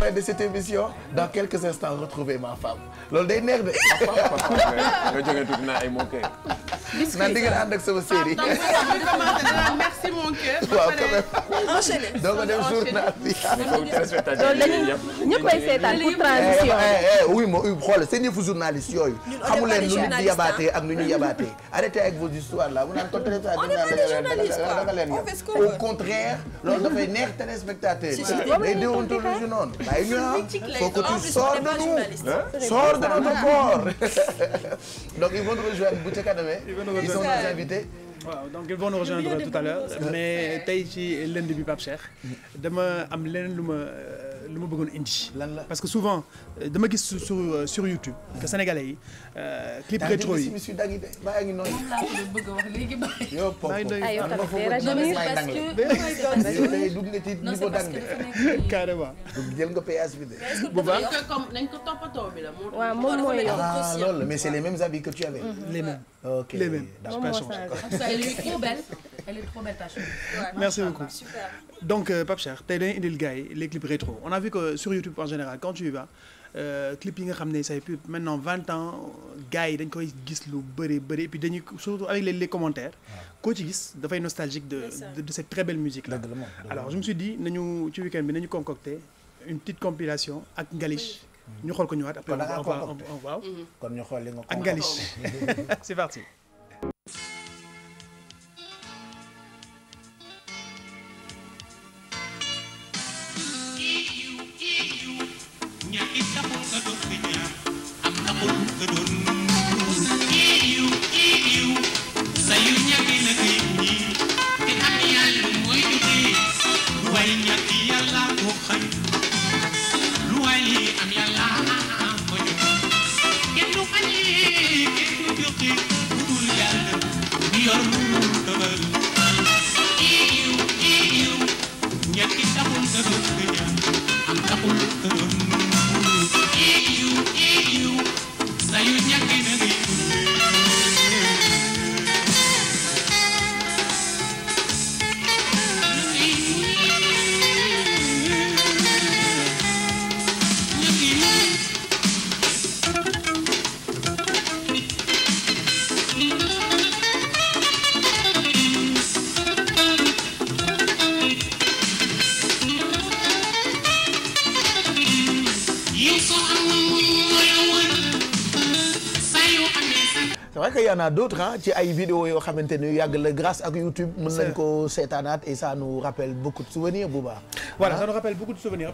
fin de cette émission dans quelques instants retrouver ma femme loolu day neex de. nga jógee tuuti naa ay mots kay. man di ngeen ànd ak sama série. merci mon cœur. waaw quand même. enchaîné donc dem journal bi. ñëpp ay seetaan pour transition. Eh, eh, eh, oui ma xool seen yëfu nu nit di yabaatee ak nu ñu yabaatee. arrêtez avec vos histoires là bu naan contre contraire. loolu dafay neex téléspectateur yi. day déontologie noonu. bàyyi ñu ah faut que tu sors de de notre corps. donc ils vont te rejoindre bu ca kanamee ils sont nos invités. waaw donc ils vont nous rejoindre tout à l'heure mais tey ci lundi bi Pape Cheikh dama am leneen lu ma. Euh, lu ma bëggoon indi. lan la parce que souvent euh, dama gis sur euh, sur YouTube. que sénégalais yi euh, clip rétro yi. daa ngi bëgg a wax léegi bàyyi. yow Pogba aywa carrément. jël nga péage bi de. bu baax comme nañ ko toppatoo bi la. waaw moom mooy yow. ah loolu mais c'est les mêmes habits que tu avais. Mhm. les mêmes. ok les mêmes. moom moo changé. elle est trop belle. elle est trop belle ta chemise. merci beaucoup. super. donc euh, Pape Cheikh tey dañuy indil gars yi les clips rétro on a vu que sur YouTube en général quand tu y vas euh, clip yi ne ça fait plus maintenant vingt ans gars yi dañ koy gis lu bëri bëri et puis dañuy surtout avec les, commentaires koo ci gis dafay nostalgique de, de de cette très belle musique là alors je me suis dit nañu ci week-end bi nañu concocter une petite compilation ak Ngalich ñu xool ko ñëwaat après waaw mhm. kon ñu xool li nga ak Ngalich c'est parti vrai que y a d'autres ah ci ay vidéo yoo xamante ni yàgg la grâce ak YouTube. mën nañ ko seetaanaat et ça nous rappelle beaucoup de souvenirs bu baax. voilà ça nous rappelle beaucoup de souvenirs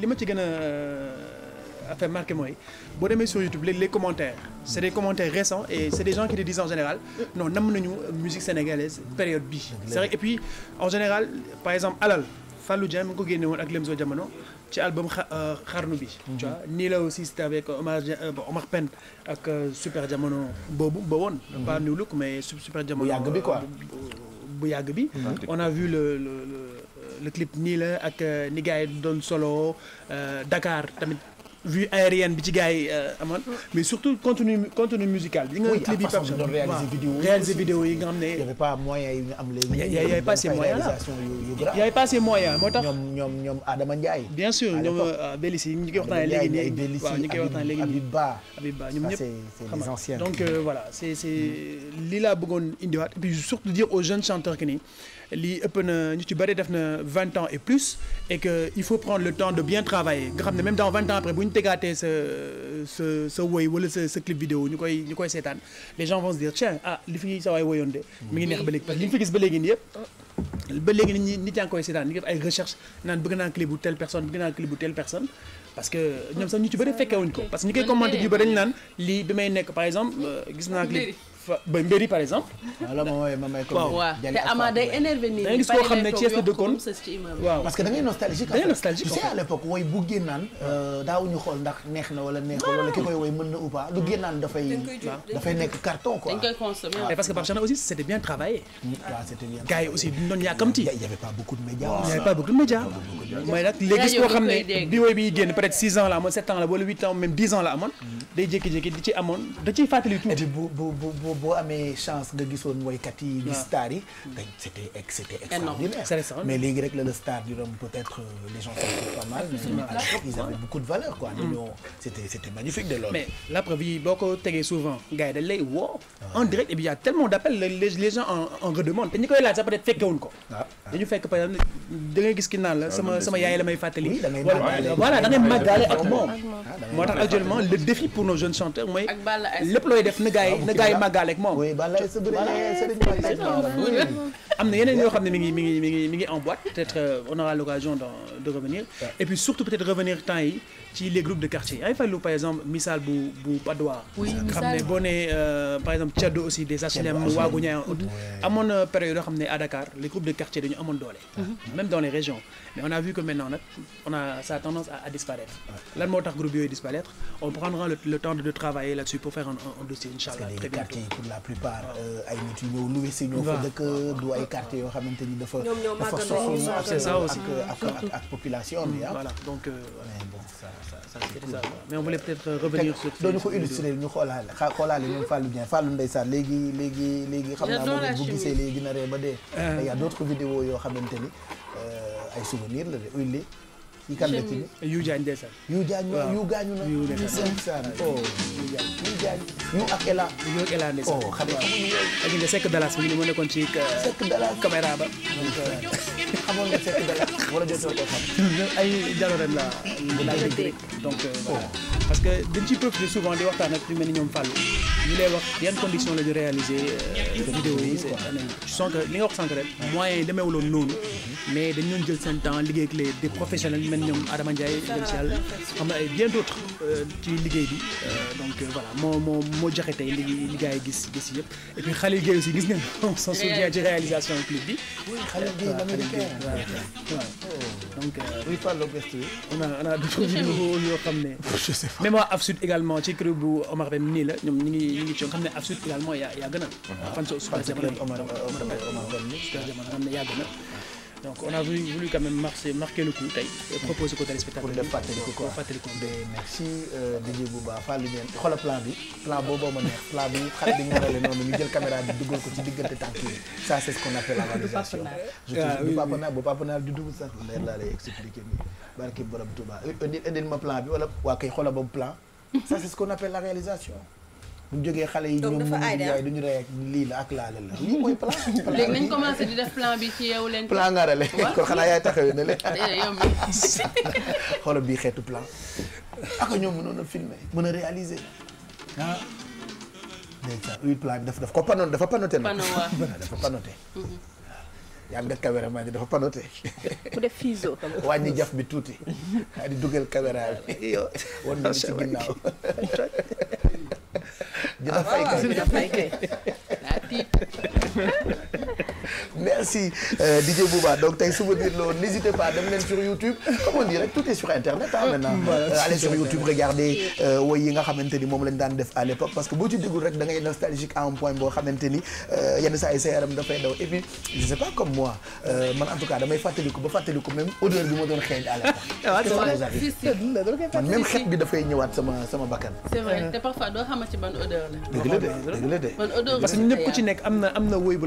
li ma ci gën a affaire euh, marqué mooy boo demee sur YouTube les commentaires c'est des commentaires récents et c'est des gens qui te disent en général non nam nañu musique sénégalaise période bii. c'est en général par exemple alal Fallou Dieng mi ngi ko génne woon ak Lemzo Diamono. ci album euh, xarnu bi. Mhm. tu vois nii la aussi c'était avec Omar euh, Omar Pène ak euh, Super Jamono boobu ba woon. Mhm. pas New Look mais Super Jamono. bu yàgg bi bu yàgg bi. Mhm. on a vu le clip nii la ak ni doon solo Dakar tamit. vue aérienne bi ci gars yi euh, amoon mais surtout contenu contenu musical bi. nga clip yi Pape Jean réaliser vidéo yi nga xam ne. y avait pas moyen yi nga am léegi. y avait pas ces moyens là y avait pas ces moyens moo tax. ñoom ñoom ñoom Adama Ndiaye. bien sûr ñoom euh, Bélis yi ñu koy waxtaanee léegi nii waaw ñu koy waxtaanee léegi nii Habib Ba Habib Ba ñoom ñëpp donc euh, voilà c'est c'est lii laa bëggoon indiwaat et puis surtout dire aux jeunes chanteurs que nii lii ëpp na ñu ci bëri def na vingt ans et plus et que il faut prendre le temps de bien travailler nga xam ne même dans vingt ans après bu ñu tegaatee sa sa sa sa clip vidéo ñu koy ñu koy seetaan les gens vont se dire tiens ah li fi sa waay woyoon de mi ngi neex ba léegi parce que li ñu fi gis ba léegi nii yëpp ba léegi nit ñi nit yaa koy seetaan ñu def ay recherche parce que ñu koy commenté yu bëri dañu naan lii bi may nekk par exemple euh, gis naa clip ba mbéri par exemple. wala ah, ma xam ne Thiès la dëkkoon waaw parce que da ngay nostalgique. da ngay nostalgique tu euh, daawuñu xool ndax neex na wala neexul wala ki koy woy mën na ou lu génnaan dafay. dafay nekk carton quoi. dañ parce que Barchana aussi c'était bien travaillé. Mm, waaw aussi duñu doon yàkkamti. y avait pas xam ne bi woy bi génn peut-être six ans la amoon sept ans la wala huit ans même dix ans la amoon mm. day jékki-jékki di ci amoon da ciy fàttali tuuti. et puis bu bu bu boo amee chance nga gisoon woykat yi. waaw gis star extraordinaire mais léegi rek le star di doon peut être euh, les gens sont pas mal. mais à mm. la preuve yi boo souvent gars yi dañ en direct et y' a tellement d' appels les les en en redemandent te ñi peut être fekkewuñ ko. Ah, ah. dañu fekk par exemple da ngay gis ki naan la ah, sama sama yaay la may fàttali. voilà da ngay màggaale défi pour nos jeunes chanteurs mooy. lépp looy def na gaay na gaay màggaale am na yeneen yoo xam ne mi ngi en boîte peut-être euh, on aura l'occasion de revenir et puis surtout peut-être revenir temps yi ci les groupes de quartier ay fallu par exemple misaal bu bu Padois xam ne boo euh, par exemple Thiado aussi des HLM waagu ñaayan ut amoon na période yoo xam ne à Dakar les groupes de quartier dañu amoon doole mm-hmm. même dans les régions mais on a vu que maintenant nag on a ça tendance à disparaître lan moo tax groupe yooyu disparaître on quartiers yoo xamante ni dafa dafa soxla ak ak ak population bi ah. voilà donc euh, mais bon ça ça c'est ça mais on voulait peut-être euh, ñu ko illustrer ñu xoolaale xa xoolaale ñoom Fallou léegi léegi léegi xam naa moom bu gisee léegi na ree ba dee. Euh. y a d'autres vidéos yoo xamante ni ay souvenirs la de. kii kan la ci. Yu Diagne ndeysaan. Yu Diagne yu gaañu na. yu ndeysaan oh Yu Diagne. yu ak Ela. yu ak Ela ndeysaan. oh ak nga Seck Dallas mi nekkoon ci. Euh, Seck Dallas ba. xamoon nga Seck Dallas wala jotoo ko ay jaloorem la. la dégg donc euh, oh. parce que dañ ciy profité souvent di waxtaan ak ñu mel ni ñoom Fallou. ñu lay wax yan condition la ñu réaliser euh, vidéo yi sànq li nga wax sànq rek moyens yi demeewul woon noonu mais dañu doon jël seen temps liggéey ak les des professionnels mel ñoom Adama Ndiaye dem si yàlla xam na ay bien d'autres euh, ci liggéey bi euh, donc voilà moo moo moo tey li li gars yi yëpp et puis Khalil Gueye aussi gis ngeen on s'en souvient ci réalisation clip bi Khalil Gueye waaw donc oui Fallou Gueye a on a d'autres vidéos yoo ne même waa également ci crew bu Omar Bem nii la ñoom ñu ngi une émission xam ne af suite finalement yaa donc on a voulu, voulu quand même marquer, marquer le coup uh-huh. ko téléspectateurs pour fàttaliku quoi fàttaliku merci euh, DJ Bouba Fall li plan bi plan boobu ma neex plan bi xale bi ñorale noonu ñu jël caméra bi dugal ko ci diggante tànk yi ça c'est ce qu'on la valorisation je te ah bu Pape Naar bu Pape Naar sax leer laa lay expliquer nii barke borom Touba indil ma plan bi wala waa kay xoola boobu plan ça c'est ce qu'on appelle la réalisation bu jógee xale yi ñoom ñoom duñu rey lii la ak laale la lii mooy plan. plan plan nga rale kon xanaa yaay taxawee ne le. xoolal bii xeetu plan. ak ñoom mënoon a filmer mën a réaliser ah. ndeysaan huit plan bi dafa daf ko panoon dafa panoté nag. Mm-hmm. ngi def caméraman dafa panoté. ku def fiso. wàññi jaf bi tuuti. di dugal caméra bi yow. wan nañu ginnaaw. dina fay kay ah, dina fay kay merci euh, DJ Bouba donc tey souvenir la woon n'hésitez pas dem leen sur YouTube comme on dit tout est sur internet ah maintenant. Euh, sur YouTube regardez euh, woy yi nga xamante ni moom lañ daan def à l'époque parce que boo ci déglu rek da ngay nostalgique à un point boo xamante ni euh, yenn saa yi sa yaram dafay daw et je sais pas comme moi man en tout cas damay fàttaliku ba fàttaliku même odeur bi ma doon xeeñ à l'époque. man xet bi dafay ñëwaat sama sama bakkan. c'est vrai te de parce ci nekk am na am na woy bu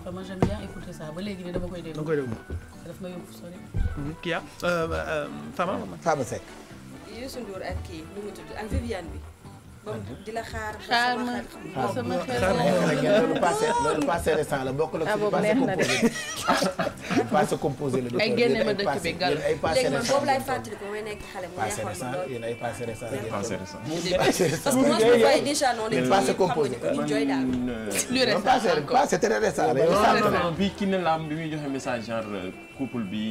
Enfin, moi j'aime bien écouter ça ba léegi nii dama koy déglu. dama koy déglu. daf ma yóbbu sori. Hmm, kii ah euh, euh, Fama. Fama Seck. Youssou Ndour ak kii nu mu bi. di la xaar xaar ma sama xel loolu passé loolu passé récent la bokk la ah, passé composé passé composé la ay génne ma dëkk bi gal ay passé récent boobu laay fàttali ko may nekk xale mu neexoon lool yéen ay passé récent passé récent parce que moi je me voyais déjà non les passé composé euh, lu récent passé passé très récent la bi ki ne laam bi muy joxe message genre euh, couple bi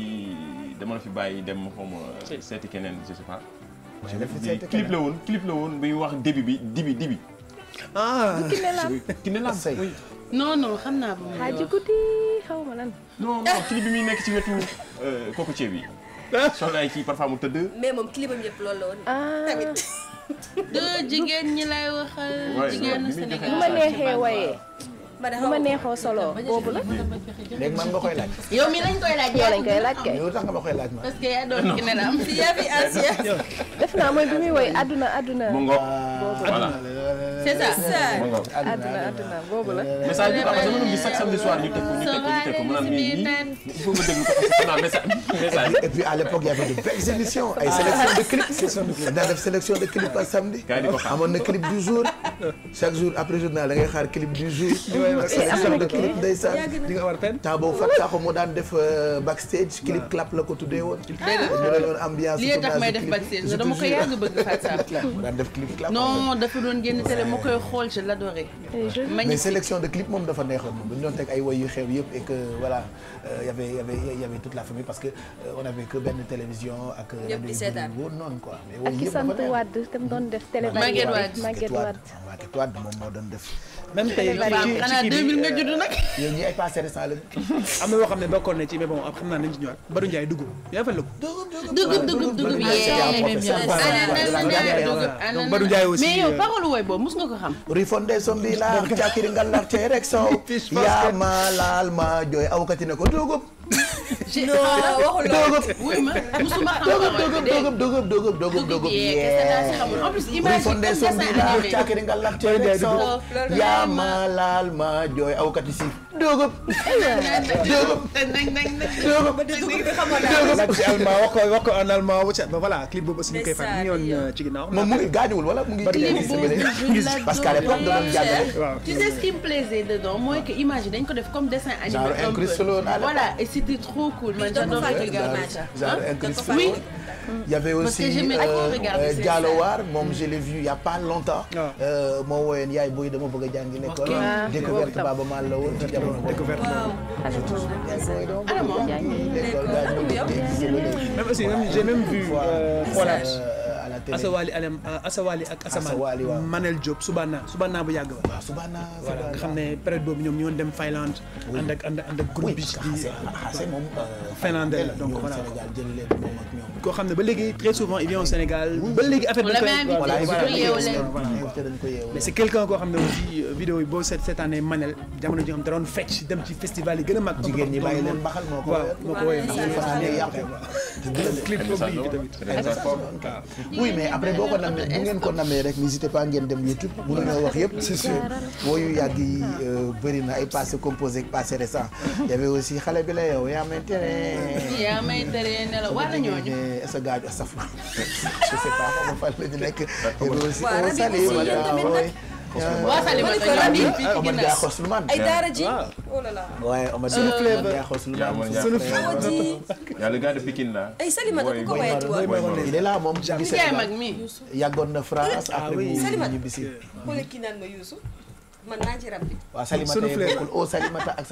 dama la fi bàyyi dem xaw ma seeti keneen je sais pas clip la woon clip la woon buy wax début bi dibi dibi. ah Kiné Lam oui. xam naa ba. xaaji guddi xaw bi muy nekk ci wetu euh, kooku bi yi. sol ay kii parfois mu tëdd. mais moom clipam yëpp loolu la woon. Ah. tamit. de jigéen ñi lay waxal. jigéenu Sénégal bu ma neexee waaye. bu ma neexoo solo boobu la. léegi man nga koy laaj. yow mi lañ koy laaj. yow lañ koy laaj kay yow nga koy laaj ma. parce que yaa doon ki def naa mooy bi muy woy àdduna àdduna. mu ngoog ah, voilà. c'est a àdduna àdduna boobu la. message bi parce que dama doon gis chaque de belles émissions ay sélection de clip. sélection de clip daa samedi. amoon na clip du jour chaque jour après journal da clip du jour. sélection de clip ndeysaan di nga war pen. taa boobu def euh, backstage. clip clap la ko tuddee woon. dëgg ah, ambiance. li tax def backstage dama def clip clap non dama koy xool je l'adorais. mais sélection de clip moom dafa neexoon moom dañu doon teg ay woy yu xew yëpp et que voilà euh, y avait y avait y avait toute la famille parce que euh, on avait que benn télévision ak. Euh, ñëpp di seetaan woon noonu quoi. mais woy yëpp dafa neex ak ki sant Wade tam doon def. télé Maguette Wade Maguette Wade. Macky Wade moom moo doon def. même tey ci xanaa 2000 nga judd nag. yéen ñii ay passé récent lañu. am na yoo xam ne bokkoon na ci mais bon xam naa nañ ci ñëwaat Badou Ndiaye dugub yaa fa lëkk. dugub dugub dugub yee Badou Ndiaye aussi mais yow parole wooy boobu mos nga ko xam. rifondé sombi la càkkiri ngal la rek soow. yaa ma laal ma jooy awkati ne ko dugub. non waxul loolu. musuma xam dogub dogub dogub dogub en plus image yi nga lakk yaa ma laal ma jooy awkat si. dogub. dogub wax ko wax ko en allemand voilà clip boobu aussi ñu koy fàttali ñu ñëwoon euh, ci ginnaaw. moom mu ngi gaañuwul wala mu ngi. parce que à l'époque da doon jàngale. tu sais ce qui me plaisait dedans mooy que image dañ ko def comme dessin animé. voilà et c'était trop trop cool man j'adore regarder ça. genre incrusté oui. Il y avait aussi euh, Dialowar euh, moom je l'ai vu il y a pas longtemps. Ah. Euh, moo woyoon yaay booy dama bëgg a jàngi l'école. Ah. Ah. découverte Baaba Maal la woon ci jamono découverte yaay booy dama bëgg a jàngi l'école. même aussi j'ai même vu Folaas. la télé asawaali alem euh, asawaali ak asamaan waaw Manel Diop Subaana Subaana bu yàgg ba. waaw Subaana voilà nga xam ne période boobu ñoom ñoo dem Finlande. ànd ak ànd ak groupe bi ci moom. Euh, finlandais la donc voilà koo xam ne ba léegi très souvent il vient au Sénégal. ba léegi affaire mais c'est quelqu'un koo xam ne aussi euh, vidéo yi boo seet seetaan ne Manel jamono ji nga xam da doon fecc dem ci festival yi gën a mag. jigéen ñi bàyyi leen baxal moo ko woyee. waaw moo ko woyee. oui mais après boo ko namee bu ngeen ko namee rek n'hésitez pas ngeen dem YouTube mënuñoo wax yëpp c'est sûr wooyu yàgg yi euh, bëri na ay passé composé ak passé récent y avait aussi xale bi la yow yaa may tere yaa may tere ne la wala sa gaaju astafurlah je sais pas nga fan waaw Salim ma doon yombi ay daara ji. oh là là waaye Omar le gars de Pikine là. ay Salimata ku ko wayati waaw mooy mooy la moom. yàggoon na France ah après mu ñibbisi. xoolal kii naan man naa ci rab bi. waaw Salimata yeegul oh Salimata ak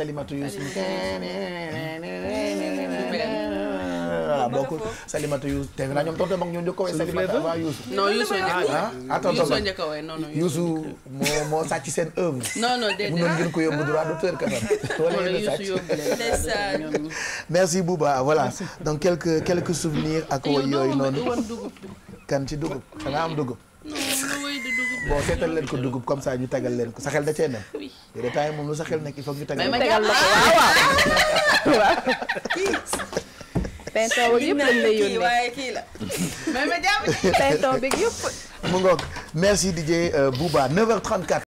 voilà bokkul Salimata Youssou teg na ñoom tonton mag ñoo njëkk a woy Salimata waa Youssou non Youssou njëkk a woy non sàcc seen œuvre non non ko yóbbu droit d'auteur quand même merci Bouba voilà donc quelques quelques souvenirs ak woy yooyu noonu kan ci dugub da nga am dugub bon seetal leen ko dugub comme ça ñu tagal leen ko sa xel da cee ne. oui détail moom lu sa xel nekk il faut ñu tagal. mais ma tegal la ko waaw pinton bi yëpp lañ lay kii la mais ma jàpp pinton bi yëpp. mu ngoog merci DJ Bouba 9h34.